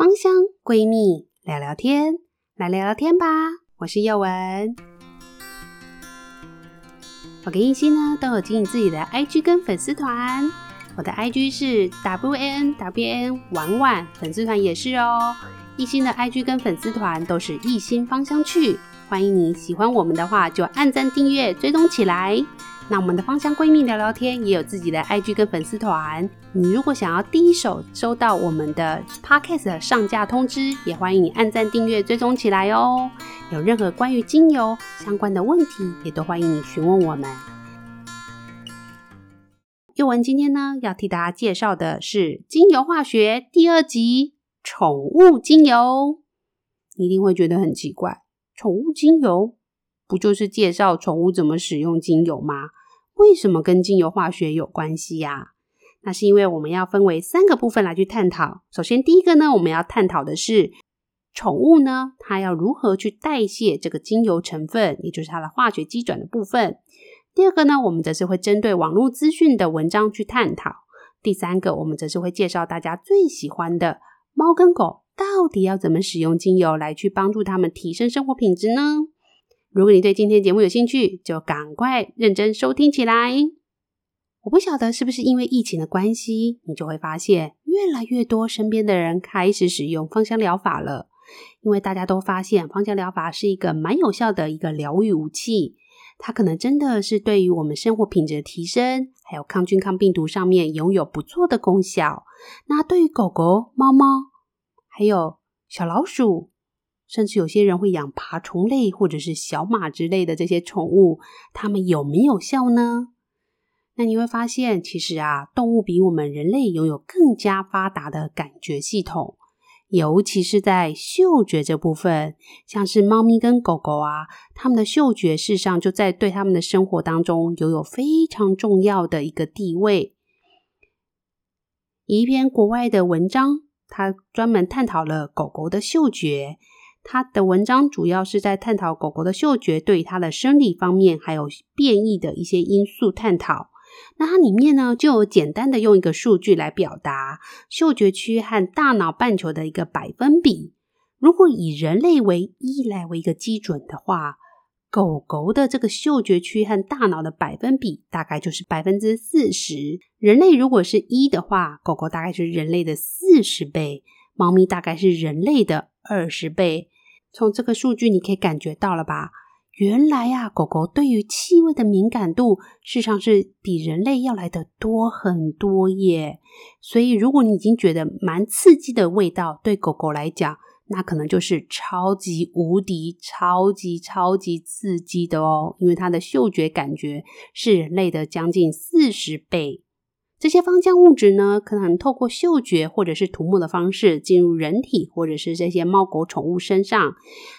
芳香閨蜜聊聊天，來聊聊天吧。我是宥雯，我跟一心呢都有經營自己的 IG 跟粉絲團。我的 IG 是 w n w n 婉婉，粉絲團也是哦。一心的 IG 跟粉絲團都是一心芳香趣。歡迎你喜歡我們的話，就按讚訂閱追蹤起來。那我們的芳香閨蜜聊聊天，也有自己的 IG 跟粉絲團。你如果想要第一手收到我們的 Podcast 上架通知，也歡迎你按贊訂閱追蹤起來哦。有任何關於精油相關的問題，也都歡迎你詢問我們。宥雯今天呢，要替大家介紹的是精油化學第二集——寵物精油。你一定會覺得很奇怪，寵物精油不就是介紹寵物怎麼使用精油嗎？為什麼跟精油化學有關係呀？那是因為我們要分為三個部分來去探討。首先，第一個呢，我們要探討的是寵物呢，它要如何去代謝這個精油成分，也就是它的化學機轉的部分。第二個呢，我們則是會針對網絡資訊的文章去探討。第三個，我們則是會介紹大家最喜歡的貓跟狗到底要怎麼使用精油來去幫助他們提升生活品質呢？如果你對今天節目有興趣，就趕快認真收聽起來。我不曉得是不是因為疫情的關係，你就會發現越來越多身邊的人開始使用芳香療法了。因為大家都發現芳香療法是一個蠻有效的一個療癒武器，它可能真的是對於我們生活品質的提升，還有抗菌抗病毒上面擁有不錯的功效。那對於狗狗、貓貓，還有小老鼠。甚至有些人會養爬蟲類或者是小馬之類的這些寵物，它們有沒有效呢？那你會發現，其實啊，動物比我們人類擁有更加發達的感覺系統，尤其是在嗅覺這部分，像是貓咪跟狗狗啊，它們的嗅覺事實上就在對它們的生活當中擁有非常重要的一個地位。一篇國外的文章，它專門探討了狗狗的嗅覺。它的文章主要是在探討狗狗的嗅覺對它的生理方面，還有變異的一些因素探討。那它裡面呢，就有簡單的用一個數據來表達嗅覺區和大腦半球的一個百分比。如果以人類為一來為一個基準的話，狗狗的這個嗅覺區和大腦的百分比大概就是百分之四十。人類如果是一的話，狗狗大概是人類的四十倍，貓咪大概是人類的二十倍。從這個數據，你可以感覺到了吧？原來呀、啊，狗狗對於氣味的敏感度，事實上是比人類要來的多很多耶。所以，如果你已經覺得蠻刺激的味道，對狗狗來講，那可能就是超級無敵、超級超級刺激的哦，因為它的嗅覺感覺是人類的將近四十倍。這些芳香物質呢，可能透過嗅覺或者是塗抹的方式進入人體或者是這些貓狗寵物身上，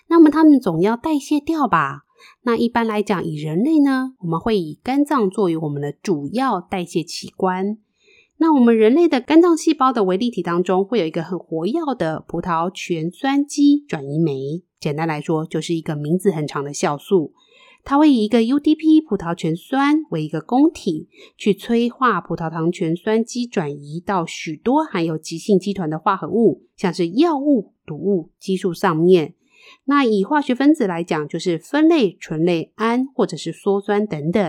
那麼它們總要代謝掉吧？那一般來講，以人類呢，我們會以肝臟作為我們的主要代謝器官。那我們人類的肝臟細胞的微粒體當中，會有一個很活躍的葡萄醛酸基轉移酶，簡單來說就是一個名字很長的酵素。它會以一個 UDP 葡萄醛酸為一個供體，去催化葡萄糖醛酸基轉移到許多含有極性基團的化合物，像是藥物、毒物、激素上面。那以化學分子來講，就是酚類、醇類、胺或者是羧酸等等。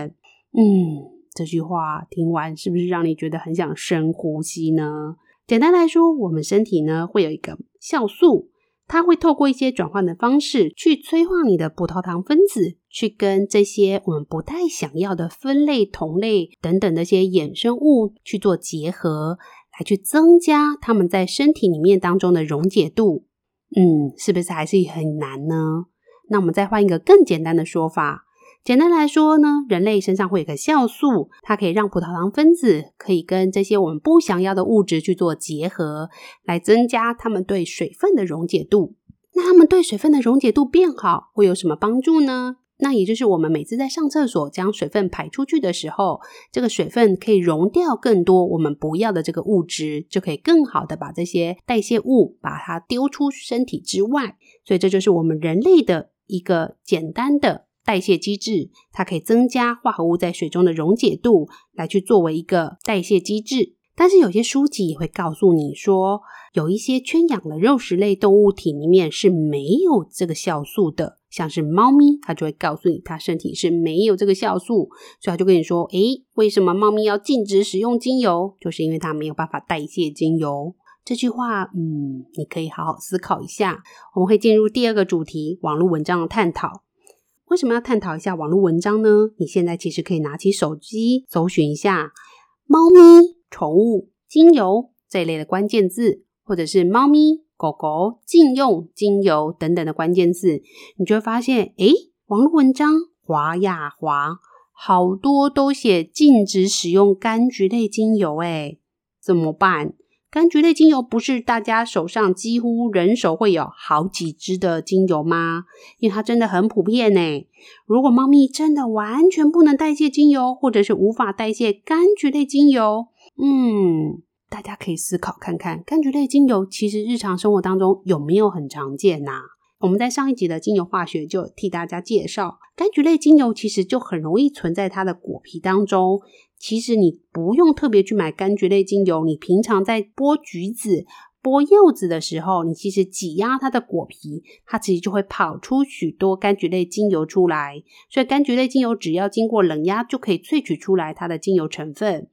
嗯，這句話聽完是不是讓你覺得很想深呼吸呢？簡單來說，我們身體呢會有一個酵素，它會透過一些轉換的方式去催化你的葡萄糖分子。去跟這些我們不太想要的酚類、酮類等等那些衍生物去做結合，來去增加它們在身體裡面當中的溶解度。嗯，是不是還是很難呢？那我們再換一個更簡單的說法。簡單來說呢，人類身上會有個酵素，它可以讓葡萄糖分子可以跟這些我們不想要的物質去做結合，來增加它們對水分的溶解度。那它們對水分的溶解度變好，會有什麼幫助呢？那也就是我們每次在上廁所將水分排出去的時候，這個水分可以溶掉更多我們不要的這個物質，就可以更好的把這些代謝物把它丟出身體之外。所以這就是我們人類的一個簡單的代謝機制，它可以增加化合物在水中的溶解度，來去作為一個代謝機制。但是有些書籍也會告訴你說，有一些圈養的肉食類動物體裡面是沒有這個酵素的。像是貓咪，它就會告訴你它身體是沒有這個酵素，所以它就跟你說，誒，為什麼貓咪要禁止使用精油？就是因為它沒有辦法代謝精油。這句話，嗯，你可以好好思考一下。我們會進入第二個主題——網絡文章的探討。為什麼要探討一下網絡文章呢？你現在其實可以拿起手機搜尋一下“貓咪寵物精油”這一類的關鍵字，或者是貓咪。狗狗禁用精油等等的關鍵字，你就會發現，誒，網絡文章滑呀滑，好多都寫禁止使用柑橘類精油，誒怎麼辦？柑橘類精油不是大家手上幾乎人手會有好幾支的精油嗎？因為它真的很普遍呢。如果貓咪真的完全不能代謝精油，或者是無法代謝柑橘類精油，嗯。大家可以思考看看，柑橘類精油其實日常生活當中有沒有很常見呐、啊？我們在上一集的精油化學就替大家介紹，柑橘類精油其實就很容易存在它的果皮當中。其實你不用特別去買柑橘類精油，你平常在剝橘子，剝柚子的時候，你其實擠壓它的果皮，它其實就會跑出許多柑橘類精油出來。所以柑橘類精油只要經過冷壓就可以萃取出來它的精油成分。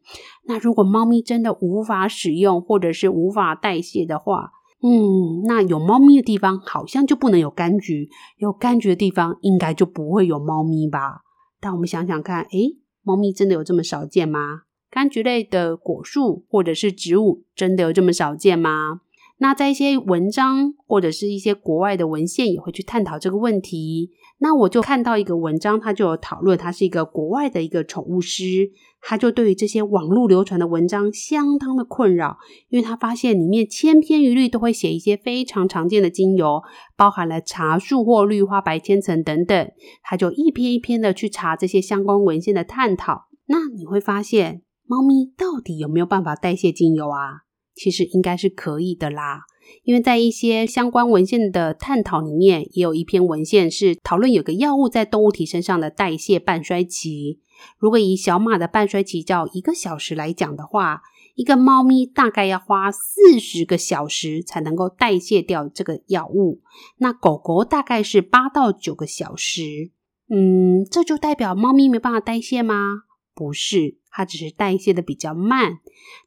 那如果貓咪真的無法使用或者是無法代謝的話，嗯，那有貓咪的地方好像就不能有柑橘，有柑橘的地方應該就不會有貓咪吧？但我們想想看，誒，貓咪真的有這麼少見嗎？柑橘類的果樹或者是植物，真的有這麼少見嗎？那在一些文章或者是一些國外的文獻也會去探討這個問題。那我就看到一個文章，他就有討論，他是一個國外的一個寵物師，他就對於這些網路流傳的文章相當的困擾，因為他發現裡面千篇一律都會寫一些非常常見的精油，包含了茶樹或綠花白千層等等，他就一篇一篇的去查這些相關文獻的探討，那你會發現。貓咪到底有沒有辦法代謝精油啊？其實應該是可以的啦，因為在一些相關文獻的探討裡面，也有一篇文獻是討論有個藥物在動物體身上的代謝半衰期。如果以小馬的半衰期叫一個小時來講的話，一個貓咪大概要花四十個小時才能夠代謝掉這個藥物。那狗狗大概是八到九個小時。嗯，這就代表貓咪沒辦法代謝嗎？不是。它只是代謝的比較慢，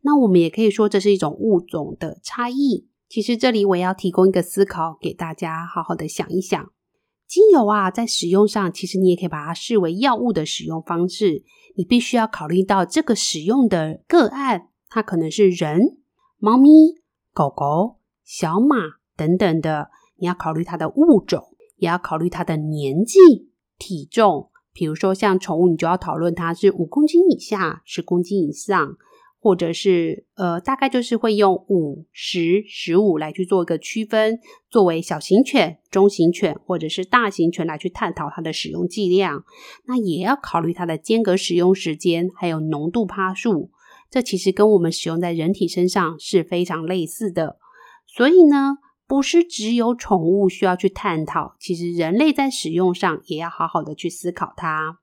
那我們也可以說這是一種物種的差異。其實這裡我也要提供一個思考給大家，好好的想一想。精油啊，在使用上，其實你也可以把它視為藥物的使用方式。你必須要考慮到這個使用的個案，它可能是人、貓咪、狗狗、小馬等等的，你要考慮它的物種，也要考慮它的年紀、體重。比如說像寵物，你就要討論它是五公斤以下、十公斤以上，或者是呃，大概就是會用五十、十五來去做一個區分，作為小型犬、中型犬或者是大型犬來去探討它的使用劑量。那也要考慮它的間隔使用時間，還有濃度趴數。這其實跟我們使用在人體身上是非常類似的。所以呢。不是只有寵物需要去探討，其實人類在使用上也要好好的去思考它。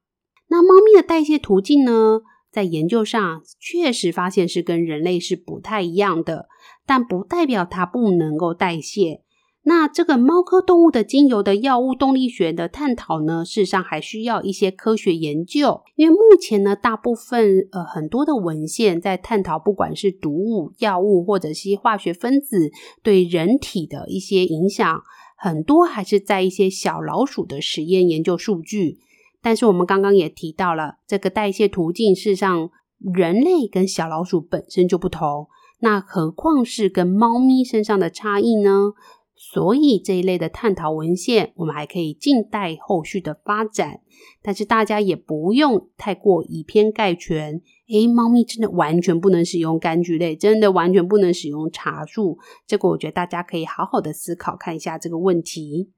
那貓咪的代謝途徑呢？在研究上確實發現是跟人類是不太一樣的，但不代表它不能夠代謝。那這個貓科動物的精油的藥物動力學的探討呢，事實上還需要一些科學研究，因為目前呢，大部分呃很多的文獻在探討，不管是毒物、藥物，或者是化學分子對人體的一些影響，很多還是在一些小老鼠的實驗研究數據。但是我們剛剛也提到了，這個代謝途徑事實上人類跟小老鼠本身就不同，那何況是跟貓咪身上的差異呢？所以這一類的探討文獻，我們還可以靜待後續的發展。但是大家也不用太過以偏概全。誒，貓咪真的完全不能使用柑橘類，真的完全不能使用茶樹。這個我覺得大家可以好好的思考看一下這個問題。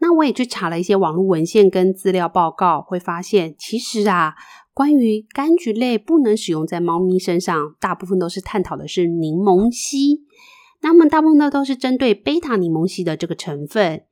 那我也去查了一些網絡文獻跟資料報告，會發現其實啊，關於柑橘類不能使用在貓咪身上，大部分都是探討的是檸檬烯。那麼大部分呢都是針對貝塔檸檬烯的這個成分，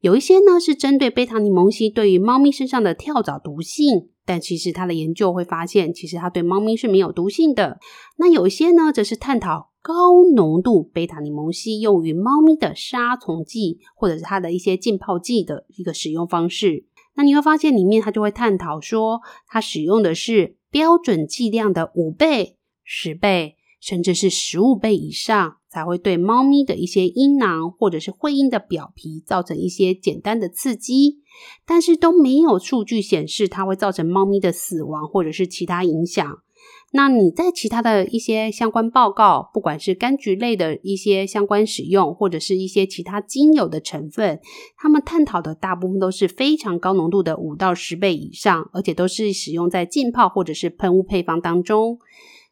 有一些呢是針對貝塔檸檬烯對於貓咪身上的跳蚤毒性，但其實它的研究會發現，其實它對貓咪是沒有毒性的。那有一些呢則是探討高濃度貝塔檸檬烯用於貓咪的殺蟲劑或者是它的一些浸泡劑的一個使用方式。那你會發現裡面它就會探討說，它使用的是標準劑量的五倍、十倍，甚至是十五倍以上。才會對貓咪的一些陰囊或者是會陰的表皮造成一些簡單的刺激，但是都沒有數據顯示它會造成貓咪的死亡或者是其他影響。那你在其他的一些相關報告，不管是柑橘類的一些相關使用，或者是一些其他精油的成分，他們探討的大部分都是非常高濃度的，五到十倍以上，而且都是使用在浸泡或者是噴霧配方當中。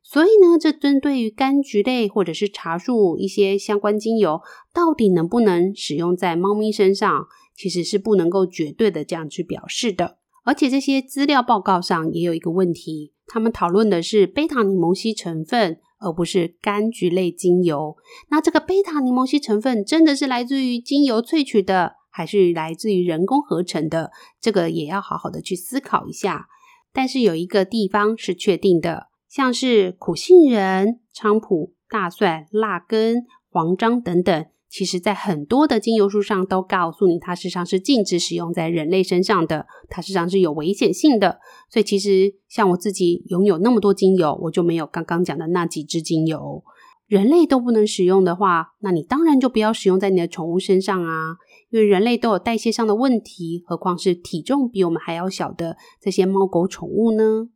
所以呢，這針對於柑橘類或者是茶樹一些相關精油，到底能不能使用在貓咪身上，其實是不能夠絕對的這樣去表示的。而且這些資料報告上也有一個問題，他們討論的是貝塔檸檬烯成分，而不是柑橘類精油。那這個貝塔檸檬烯成分真的是來自於精油萃取的，還是來自於人工合成的？這個也要好好的去思考一下。但是有一個地方是確定的。像是苦杏仁、菖蒲、大蒜、辣根、黃樟等等，其實在很多的精油書上都告訴你，它事實上是禁止使用在人類身上的，它事實上是有危險性的。所以其實像我自己擁有那麼多精油，我就沒有剛剛講的那幾支精油。人類都不能使用的話，那你當然就不要使用在你的寵物身上啊，因為人類都有代謝上的問題，何況是體重比我們還要小的這些貓狗寵物呢？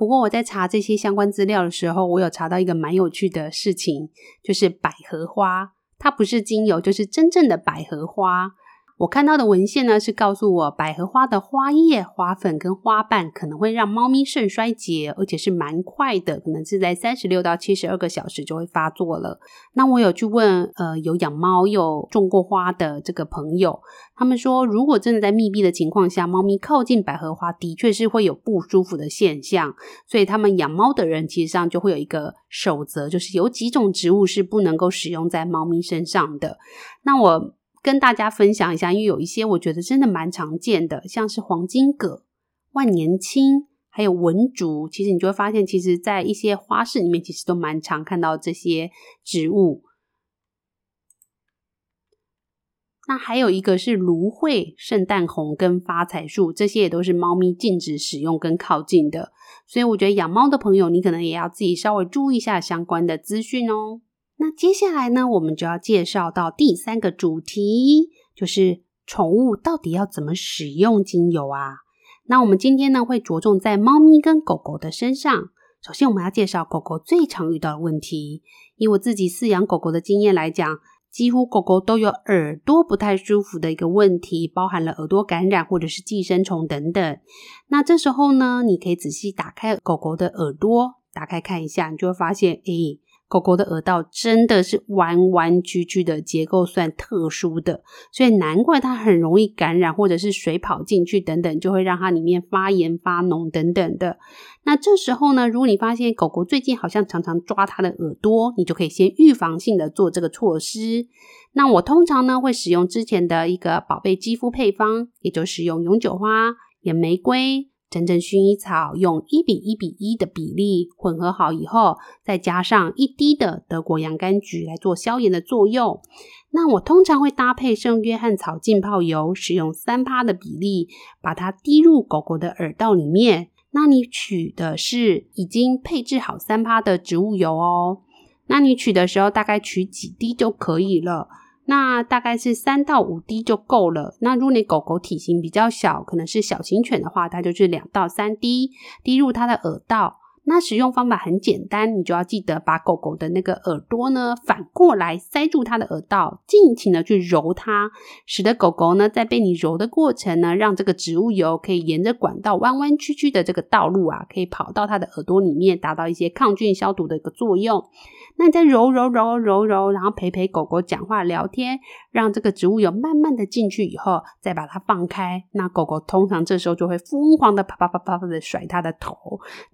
不過我在查這些相關資料的時候，我有查到一個蠻有趣的事情，就是百合花，它不是精油，就是真正的百合花。我看到的文獻呢，是告訴我百合花的花葉、花粉跟花瓣可能會讓貓咪腎衰竭，而且是蠻快的，可能是在三十六到七十二個小時就會發作了。那我有去問，呃，有養貓又種過花的這個朋友，他們說，如果真的在密閉的情況下，貓咪靠近百合花，的確是會有不舒服的現象。所以他們養貓的人其實上就會有一個守則，就是有幾種植物是不能夠使用在貓咪身上的。那我。跟大家分享一下，因為有一些我覺得真的蠻常見的，像是黃金葛、萬年青，還有文竹。其實你就會發現，其實，在一些花市裡面，其實都蠻常看到這些植物。那還有一個是蘆薈、聖誕紅跟發財樹，這些也都是貓咪禁止使用跟靠近的。所以我覺得養貓的朋友，你可能也要自己稍微注意一下相關的資訊哦。那接下來呢，我們就要介紹到第三個主題，就是寵物到底要怎麼使用精油啊？那我們今天呢，會着重在貓咪跟狗狗的身上。首先，我們要介紹狗狗最常遇到的問題。以我自己飼養狗狗的經驗來講，幾乎狗狗都有耳朵不太舒服的一個問題，包含了耳朵感染或者是寄生蟲等等。那這時候呢，你可以仔細打開狗狗的耳朵，打開看一下，你就會發現，誒、欸狗狗的耳道真的是彎彎曲曲的，結構算特殊的，所以難怪它很容易感染，或者是水跑進去等等，就會讓它裡面發炎、發膿等等的。那這時候呢，如果你發現狗狗最近好像常常抓它的耳朵，你就可以先預防性的做這個措施。那我通常呢會使用之前的一個寶貝肌膚配方，也就使用永久花、野玫瑰。真正薰衣草用一比一比一的比例混合好以後，再加上一滴的德國洋甘菊來做消炎的作用。那我通常會搭配聖約翰草浸泡油，使用三趴的比例，把它滴入狗狗的耳道裡面。那你取的是已經配置好三趴的植物油哦。那你取的時候大概取幾滴就可以了？那大概是三到五滴就夠了。那如果你狗狗體型比較小，可能是小型犬的話，它就是兩到三滴滴入它的耳道。那使用方法很簡單，你就要記得把狗狗的那個耳朵呢反過來塞住它的耳道，盡情的去揉它，使得狗狗呢在被你揉的過程呢，讓這個植物油可以沿着管道彎彎曲曲的這個道路啊，可以跑到它的耳朵裡面，達到一些抗菌消毒的一個作用。那再揉揉揉揉揉揉，然後陪陪狗狗講話聊天，讓這個植物油慢慢的進去以後，再把它放開。那狗狗通常這時候就會瘋狂的啪啪啪啪啪的甩它的頭，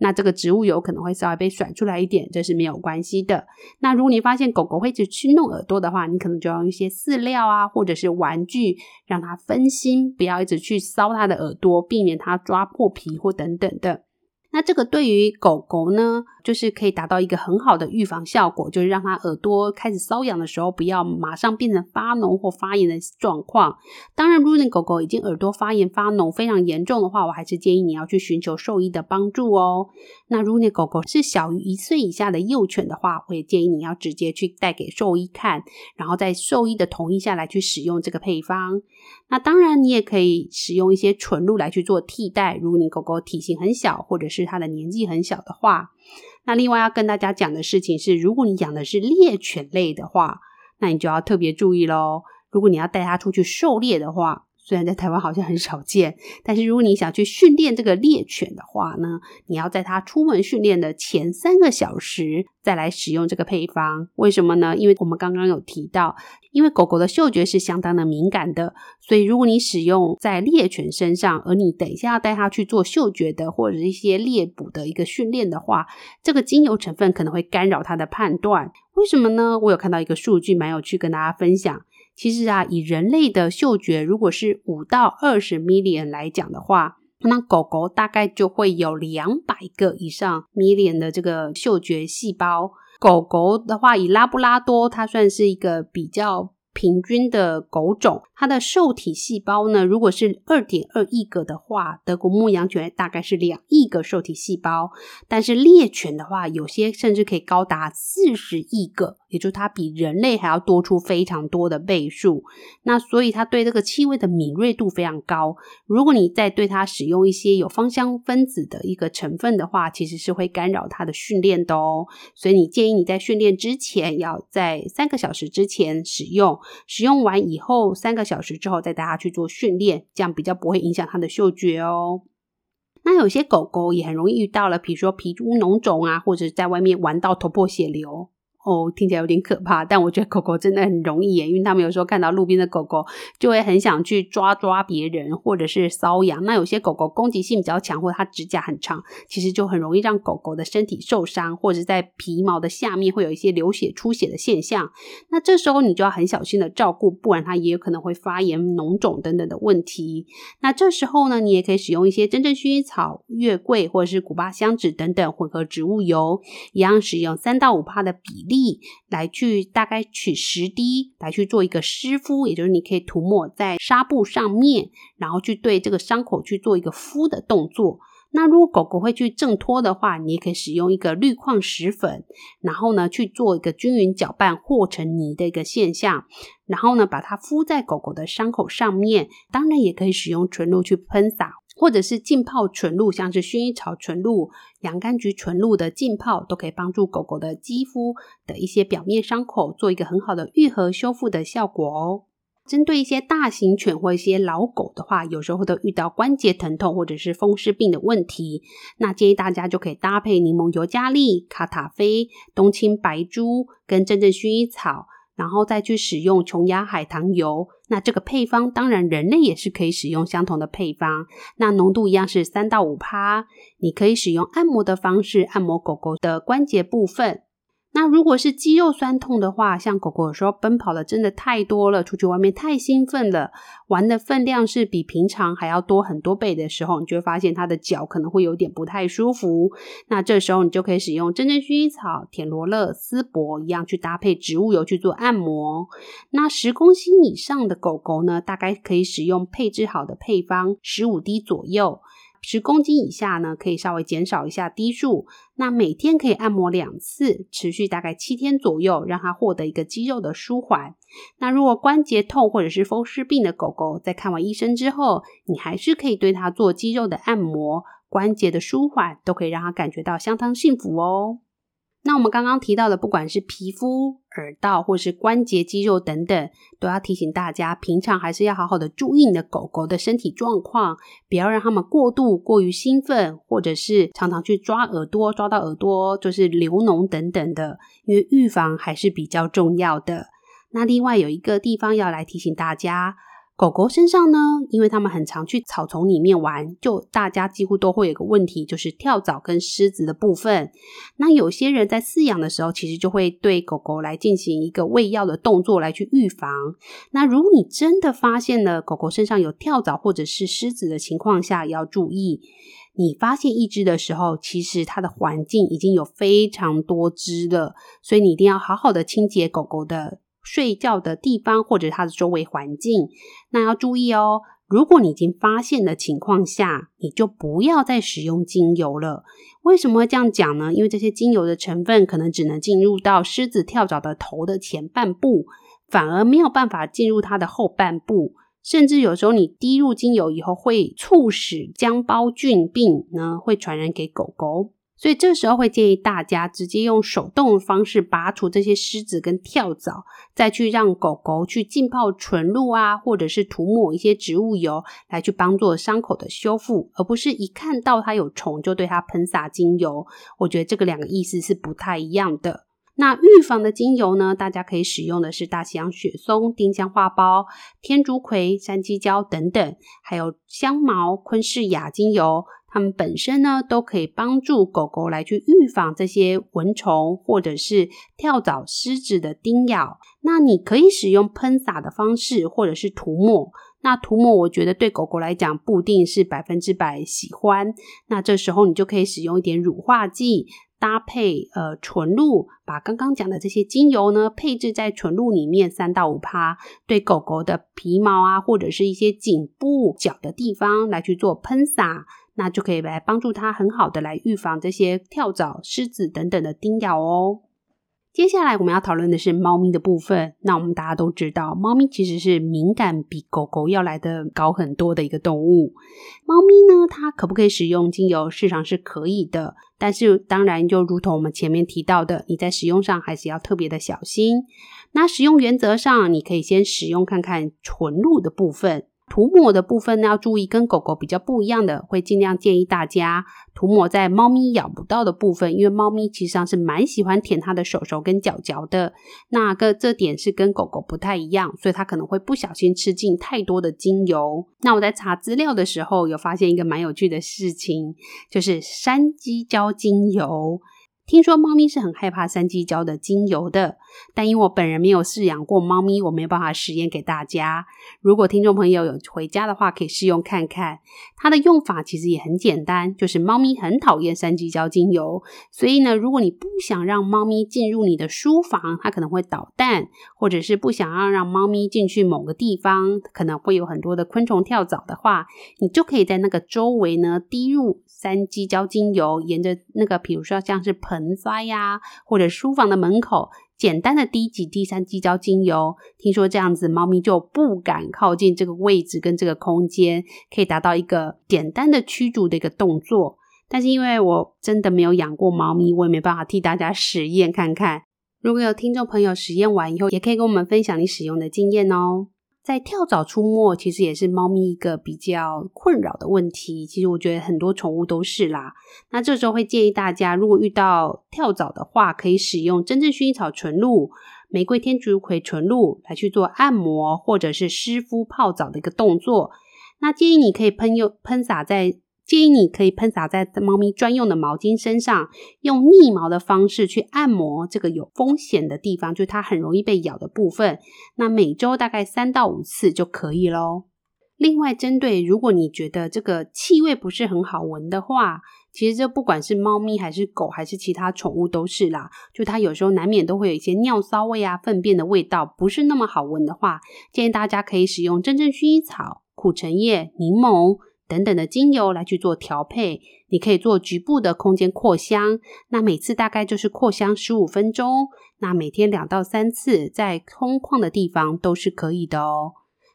那這個植物油可能會稍微被甩出來一點，這是沒有關係的。那如果你發現狗狗會一直去弄耳朵，的話，你可能就要用一些飼料啊，或者是玩具讓它分心，不要一直去搔它的耳朵，避免它抓破皮或等等的。那這個對於狗狗呢，就是可以達到一個很好的預防效果，就是讓它耳朵開始瘙癢的時候，不要馬上變成發膿或發炎的狀況。當然，如果你狗狗已經耳朵發炎發膿非常嚴重的話，我還是建議你要去尋求獸醫的幫助哦。那如果你狗狗是小於一歲以下的幼犬的話，我也建議你要直接去帶給獸醫看，然後在獸醫的同意下來去使用這個配方。那當然，你也可以使用一些純露來去做替代。如果你狗狗體型很小或者是是他的年紀很小的話，那另外要跟大家講的事情是，如果你養的是獵犬類的話，那你就要特別注意嘍，如果你要帶它出去狩獵的話。雖然在台灣好像很少見，但是如果你想去訓練這個獵犬的話呢，你要在它出門訓練的前三個小時再來使用這個配方。為什麼呢？因為我們剛剛有提到，因為狗狗的嗅覺是相當的敏感的，所以如果你使用在獵犬身上，而你等一下要帶它去做嗅覺的或者一些獵捕的一個訓練的話，這個精油成分可能會干擾它的判斷。為什麼呢？我有看到一個數據，蠻有趣，跟大家分享。其實啊，以人類的嗅覺，如果是五到二十 million 來講的話，那狗狗大概就會有兩百個以上 million 的這個嗅覺細胞。狗狗的話，以拉布拉多，它算是一個比較。平均的狗種，它的受體細胞呢，如果是二點二億個的話，德國牧羊犬大概是兩億個受體細胞，但是獵犬的話，有些甚至可以高達四十億個，也就是它比人類還要多出非常多的倍數。那所以它對這個氣味的敏銳度非常高。如果你再對它使用一些有芳香分子的一個成分的話，其實是會干擾它的訓練的哦。所以你建議你在訓練之前，要在三個小時之前使用。使用完以後，三個小時之後再帶它去做訓練，這樣比較不會影響它的嗅覺哦。那有些狗狗也很容易遇到了，比如說皮膚膿腫啊，或者是在外面玩到頭破血流。哦、oh，聽起來有點可怕，但我覺得狗狗真的很容易耶，因為他們有時候看到路邊的狗狗，就會很想去抓抓別人，或者是瘙癢。那有些狗狗攻擊性比較強，或者它指甲很長，其實就很容易讓狗狗的身體受傷，或者在皮毛的下面會有一些流血、出血的現象。那這時候你就要很小心的照顧，不然它也有可能會發炎、膿腫等等的問題。那這時候呢，你也可以使用一些真正薰衣草、月桂或者是古巴香脂等等混合植物油，一樣使用三到五趴的比例。滴來去，大概取十滴來去做一個濕敷，也就是你可以塗抹在紗布上面，然後去對這個傷口去做一個敷的動作。那如果狗狗會去掙脫的話，你也可以使用一個綠礦石粉，然後呢去做一個均勻攪拌和成泥的一個現象，然後呢把它敷在狗狗的傷口上面。當然也可以使用純露去噴灑。或者是浸泡純露，像是薰衣草純露、洋甘菊純露的浸泡，都可以幫助狗狗的肌膚的一些表面傷口做一個很好的癒合修復的效果哦。針對一些大型犬或一些老狗的話，有時候會都遇到關節疼痛或者是風濕病的問題，那建議大家就可以搭配檸檬尤加利、卡塔菲、冬青白珠跟真正薰衣草。然後再去使用瓊崖海棠油，那這個配方當然人類也是可以使用相同的配方，那濃度一樣是三到五趴，你可以使用按摩的方式按摩狗狗的關節部分。那如果是肌肉痠痛的話，像狗狗有時候奔跑的真的太多了，出去外面太興奮了，玩的分量是比平常還要多很多倍的時候，你就會發現它的腳可能會有點不太舒服。那這時候你就可以使用真正薰衣草、甜羅勒、絲柏一樣去搭配植物油去做按摩。那十公斤以上的狗狗呢，大概可以使用配置好的配方十五滴左右。十公斤以下呢，可以稍微減少一下滴數，那每天可以按摩兩次，持續大概七天左右，讓它獲得一個肌肉的舒緩。那如果關節痛或者是風濕病的狗狗，在看完醫生之後，你還是可以對它做肌肉的按摩、關節的舒緩，都可以讓它感覺到相當幸福哦。那我們剛剛提到的，不管是皮膚、耳道，或是關節、肌肉等等，都要提醒大家，平常還是要好好的注意你的狗狗的身體狀況，不要讓它們過度、過於興奮，或者是常常去抓耳朵，抓到耳朵就是流膿等等的，因為預防還是比較重要的。那另外有一個地方要來提醒大家。狗狗身上呢，因為它們很常去草叢裡面玩，就大家幾乎都會有個問題，就是跳蚤跟虱子的部分。那有些人在飼養的時候，其實就會對狗狗來進行一個餵藥的動作來去預防。那如果你真的發現了狗狗身上有跳蚤或者是虱子的情況下，也要注意，你發現一隻的時候，其實它的環境已經有非常多隻了，所以你一定要好好的清潔狗狗的睡覺的地方，或者它的周圍環境，那要注意哦。如果你已經發現的情況下，你就不要再使用精油了。為什麼會這樣講呢？因為這些精油的成分可能只能進入到蝨子、跳蚤的頭的前半部，反而沒有辦法進入它的後半部。甚至有時候你滴入精油以後，會促使漿包菌病呢會傳染給狗狗。所以這時候會建議大家直接用手動的方式拔除這些蝨子跟跳蚤，再去讓狗狗去浸泡、純露啊，或者是塗抹一些植物油來去幫助傷口的修復，而不是一看到它有蟲就對它噴灑精油。我覺得這個兩個意思是不太一樣的。那預防的精油呢，大家可以使用的是大西洋雪松、丁香花苞、天竺葵、山雞椒等等，還有香茅、昆士亞精油。它們本身呢，都可以幫助狗狗來去預防這些蚊蟲或者是跳蚤、蝨子的叮咬。那你可以使用噴灑的方式，或者是塗抹。那塗抹，我覺得對狗狗來講不一定是百分之百喜歡。那這時候你就可以使用一點乳化劑搭配呃純露，把剛剛講的這些精油呢配置，在純露裡面三到五趴，對狗狗的皮毛啊，或者是一些頸部、腳的地方來去做噴灑。那就可以來幫助它很好的來預防這些跳蚤、蝨子等等的叮咬哦。接下來我們要討論的是貓咪的部分。那我們大家都知道，貓咪其實是敏感比狗狗要來的高很多的一個動物。貓咪呢，它可不可以使用精油？市場是可以的，但是當然，就如同我們前面提到的，你在使用上還是要特別的小心。那使用原則上，你可以先使用看看純露的部分。塗抹的部分呢，要注意跟狗狗比較不一樣的，會盡量建議大家塗抹在貓咪咬不到的部分，因為貓咪其實上是蠻喜歡舔它的手手跟腳腳的，那個這點是跟狗狗不太一樣，所以它可能會不小心吃進太多的精油。那我在查資料的時候有發現一個蠻有趣的事情，就是山雞椒精油，聽說貓咪是很害怕山雞椒的精油的。但因為我本人沒有飼養過貓咪，我沒有辦法實驗給大家。如果聽眾朋友有回家的話，可以試用看看。它的用法其實也很簡單，就是貓咪很討厭山雞椒精油，所以呢，如果你不想讓貓咪進入你的書房，它可能會搗蛋；或者是不想要讓貓咪進去某個地方，可能會有很多的昆蟲、跳蚤的話，你就可以在那個周圍呢滴入山雞椒精油，沿着那個，比如說像是盆栽呀，或者書房的門口。簡單的滴幾滴三級膠精油，聽說這樣子貓咪就不敢靠近這個位置跟這個空間，可以達到一個簡單的驅逐的一個動作。但是因為我真的沒有養過貓咪，我也沒辦法替大家實驗看看。如果有聽眾朋友實驗完以後，也可以跟我們分享你使用的經驗哦、喔。在跳蚤出沒，其實也是貓咪一個比較困擾的問題。其實我覺得很多寵物都是啦。那這時候會建議大家，如果遇到跳蚤的話，可以使用真正薰衣草純露、玫瑰天竺葵純露來去做按摩，或者是濕敷、泡澡的一個動作。那建議你可以噴用、噴灑在。建議你可以噴灑在貓咪專用的毛巾身上，用逆毛的方式去按摩這個有風險的地方，就是、它很容易被咬的部分。那每周大概三到五次就可以嘍。另外，針對如果你覺得這個氣味不是很好聞的話，其實這不管是貓咪還是狗還是其他寵物都是啦，就它有時候難免都會有一些尿騷味啊、糞便的味道不是那麼好聞的話，建議大家可以使用真正薰衣草、苦橙葉、檸檬。等等的精油來去做調配，你可以做局部的空間擴香，那每次大概就是擴香十五分鐘，那每天兩到三次，在空曠的地方都是可以的哦。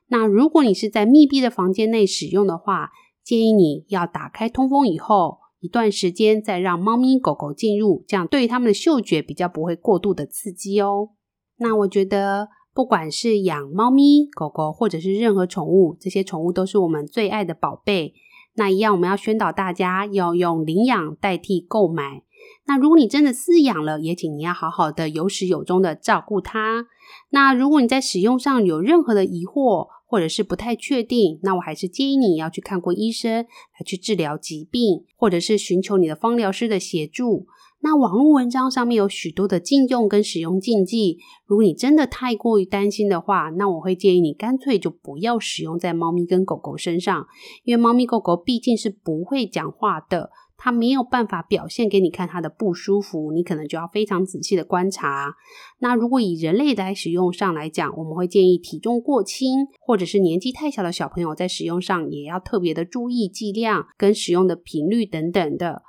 那如果你是在密閉的房間內使用的話，建議你要打開通風以後，一段時間再讓貓咪狗狗進入，這樣對它們的嗅覺比較不會過度的刺激哦。那我覺得。不管是養貓咪、狗狗，或者是任何寵物，這些寵物都是我們最愛的寶貝。那一樣，我們要宣導大家要用領養代替購買。那如果你真的飼養了，也請你要好好的有始有終的照顧它。那如果你在使用上有任何的疑惑，或者是不太確定，那我還是建議你要去看過醫生，來去治療疾病，或者是尋求你的芳療師的協助。那網絡文章上面有許多的禁用跟使用禁忌，如果你真的太過於擔心的話，那我會建議你乾脆就不要使用在貓咪跟狗狗身上，因為貓咪狗狗畢竟是不會講話的，它沒有辦法表現給你看它的不舒服，你可能就要非常仔細的觀察。那如果以人類的使用上來講，我們會建議體重過輕或者是年紀太小的小朋友在使用上也要特別的注意劑量跟使用的頻率等等的。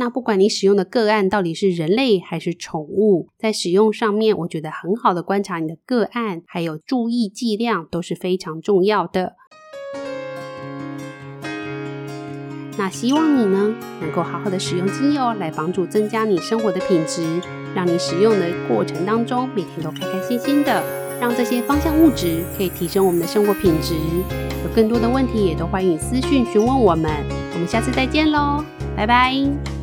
那不管你使用的個案到底是人類還是寵物，在使用上面，我覺得很好的觀察你的個案，還有注意劑量都是非常重要的。那希望你呢能夠好好的使用精油來幫助增加你生活的品質，讓你使用的過程當中每天都開開心心的，讓這些芳香物質可以提升我們的生活品質。有更多的問題也都歡迎私訊詢問我們，我們下次再見嘍，拜拜。